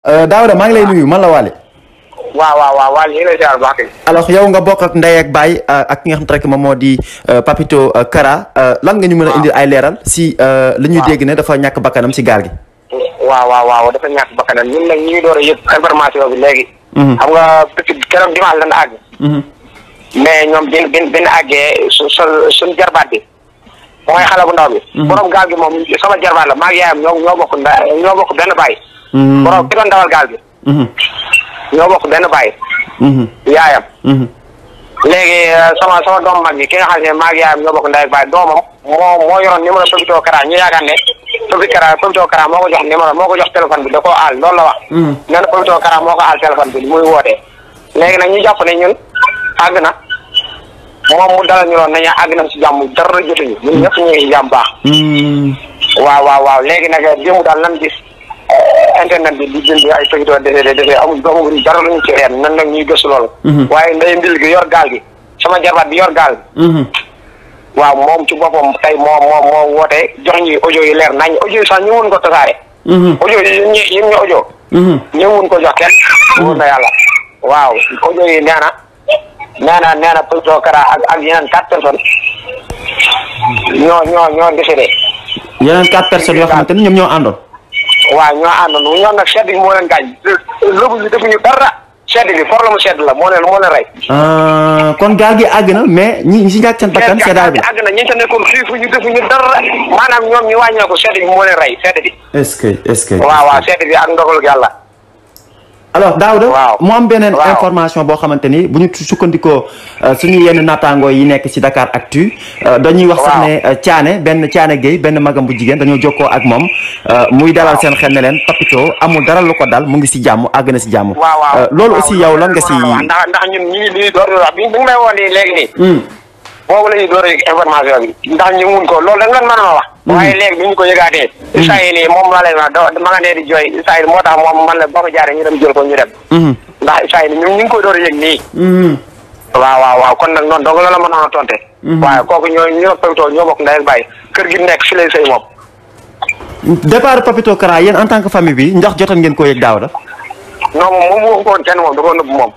Euh, Daouda maa ngi lay nuyu man la Waly. waaw waaw waaw Waly ñu yow nga bokk ak ndey ak euh, ak ki nga xam te rek moom moo di euh, Papito Kara lan nga ñu mën a indi ay leeral. si li ñuy dégg ne dafa ñàkk bakkanam si gaal gi. waaw waaw waaw dafa ñàkk bakkanam ñun ñu door a yëpp information bi léegi. Mhm. xam nga petit keroog dimanche lan àgg. Mhm. mais ñoom bin bin bin àggee su suñ jarbaat bi. mooy xale bu ndaw bi. Mhm. borom gaal gi moom sama jarbaat la maa ngi yaayam ñoo bokk nda ñoo bokk benn baay. Mhm. borom ki doon dawal gaal gi. Mhm. ñoo bokk benn baay. Mhm. yaayam. léegi euh, sama sama doom mag bi ki nga xam ne maa ngi yaayam ñoo bokk ndey ak baay doomam moo moo yoroon numéro Papito Kara ñu yaakaar ne Papito moo ko jox numéro moo ko jox téléphone bi da koo aal loolu la wax. nee na Papito moo ko aal téléphone bi muy wootee léegi nag ñu jàpp ne ñun àgg na. moom mu dalal ñu loon nañu àgg nañ si jàmm dara jotuñu ñun ñëpp ñu ngi si jàmm baax. waaw waaw waaw léegi nag démb daal internet bi di jënd ay feuilleton defee defee amul amul dara lu ñu ci reen nan la ñuy gëstu loolu. Mhm. waaye ndey mbil gi yor gaal gi sama jarbaat bi yor gaal gi. Mhm. waaw moom ci boppam tey moo moo moo woote jox ñi audio yi leer nañ audio yi sax ñu mun ko tasaare. Mhm. yi ñu yi ñu audio. ñu mun ko jox kenn. wóor na yàlla waaw audio yi nee na nee na na Peugeot Kara ak ak yeneen quatre personnes ñoo ñoo ñoo décédé. yeneen quatre personnes yoo xamante ni ñoom ñoo àndoon. waaw ñoo àndandoo ñoom nag sedd gi moo leen gaañ. lëbu yi defuñu dara. sedd gi problème mu sedd la moo leen moo leen rey. Euh, kon gaal gi àgg mais ñi ñi si ñàkk seen bakkan. seddaay bi àgg na ñi ca nekkoon xiifu ñu defuñu dara maanaam ñoom ñu wàññeeku sedd gi moo leen rey sedd gi. est-ce que est-ce que. waaw waaw sedd gi ak ndogalu yàlla. alors Daouda waaw mu am beneen information boo xamante ni bu ñu sukkandikoo euh, suñu yenn naataangoo yi nekk ci Dakar Actu euh, dañuy wax sax ne euh, Thiané benn caane Gueye benn magam bu jigéen dañoo jokkoo ak moom muy dalal seen xel ne leen Papito amul dara la ko dal mu ngi ci jàmm àgg na ci jàmm loolu aussi yow lan nga ci ndax boobu la ñuy door a yëg information bi ndax ñu mun ko loolu da nga a wax. Mm-hmm. waaye léegi bi ñu ko mm-hmm. ma nga nee di jooy saa ko jaaree ñu dem jël ko ñu dem. Mm-hmm. ndax saa yi a yëg nii. waaw waaw waaw kon nag noonu la a tonte. waaye kooku ñooñu nekk fi lay sëy moom. départ Papito Kara yéen en tant que famille bi ndax jotoon ngeen koo moom moom ko woon kenn moom da koo nëbb moom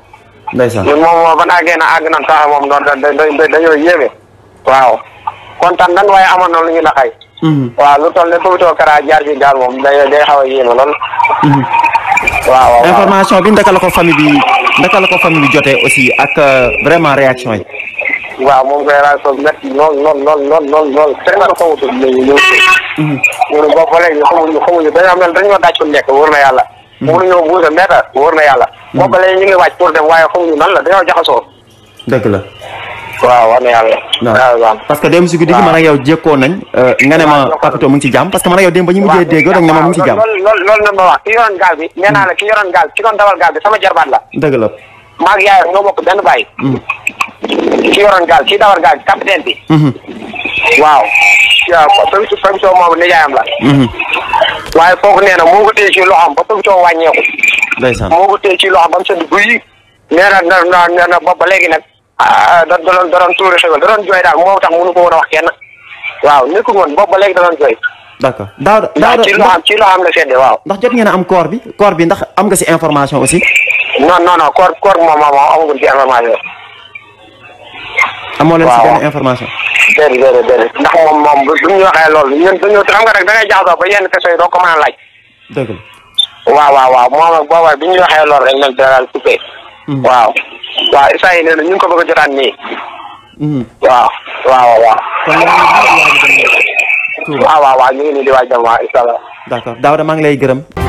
ndeysaan ñun moom moom ba naa gën a àgg nan sax moom doon dañoo yéeme waaw kontaan nan waaye amoon na lu ñu naqay mhm. waaw lu toll ne Papito Kara jaar ci gaal moom day day xaw a yéeme lool mhm. waaw information bi ndaka la ko famille bi ndaka la ko famille bi jotee aussi ak euh, vraiment réaction yi waaw moom koy réaction bi métti lool lool lool lool lool lool tena ko wutul léegi ñëw ñunu boobu léegi xamuñu xamuñu dañoo mel dañoo dàccu nekk na yàlla mhm. mënuñoo buusa mètre na yàlla boobu léegi ñu ngi waaj pour dem waaye xamuñu nan la dañoo jaxasoo. dëgg la. waaw war que démb si euh, ne ma Papito mu ngi ci jàmm parce que man ak yow ba ñu mujjee dégg rek ne ma bi. nee naa la ki yoroon gaal ki doon dawal gaal bi sama jarbaat la. dëgg la. yaayam mm. mm-hmm. la. Mm-hmm. waaye kooku nee na moo ko téye ci loxoom ba Papito wàññeeku. ndeysaan moo ko téye ci loxo ba mu sedd guy nee na ba ba léegi nag ah, da doon da doon tuuri xewal da jooy daal moo tax mënu ko woon a wax kenn waaw nekkul woon boobu ba da doon jooy. d' accord daaw daaw waaw. ndax jot ngeen a am koor bi koor bi ndax am nga si information aussi. non non non koor koor moom moom amaguñ ci information. information. déedéet déedéet déedéet ndax moom moom bu ñu waxee loolu ñun dañoo xam nga rek da ngay ba yenn questions yi doo ko mën a laaj. waaw waaw waaw moom ak booba bi ñu waxee loolu rek nag dara coupé. waaw waaw Issa yi nee na ñu ko bëgg a jotaan nii. Hmm. waaw waaw waaw. kon waaw waaw waaw ñu ngi nii di waaj dem waaw incha allah. d'accord Daouda maa ngi lay gërëm.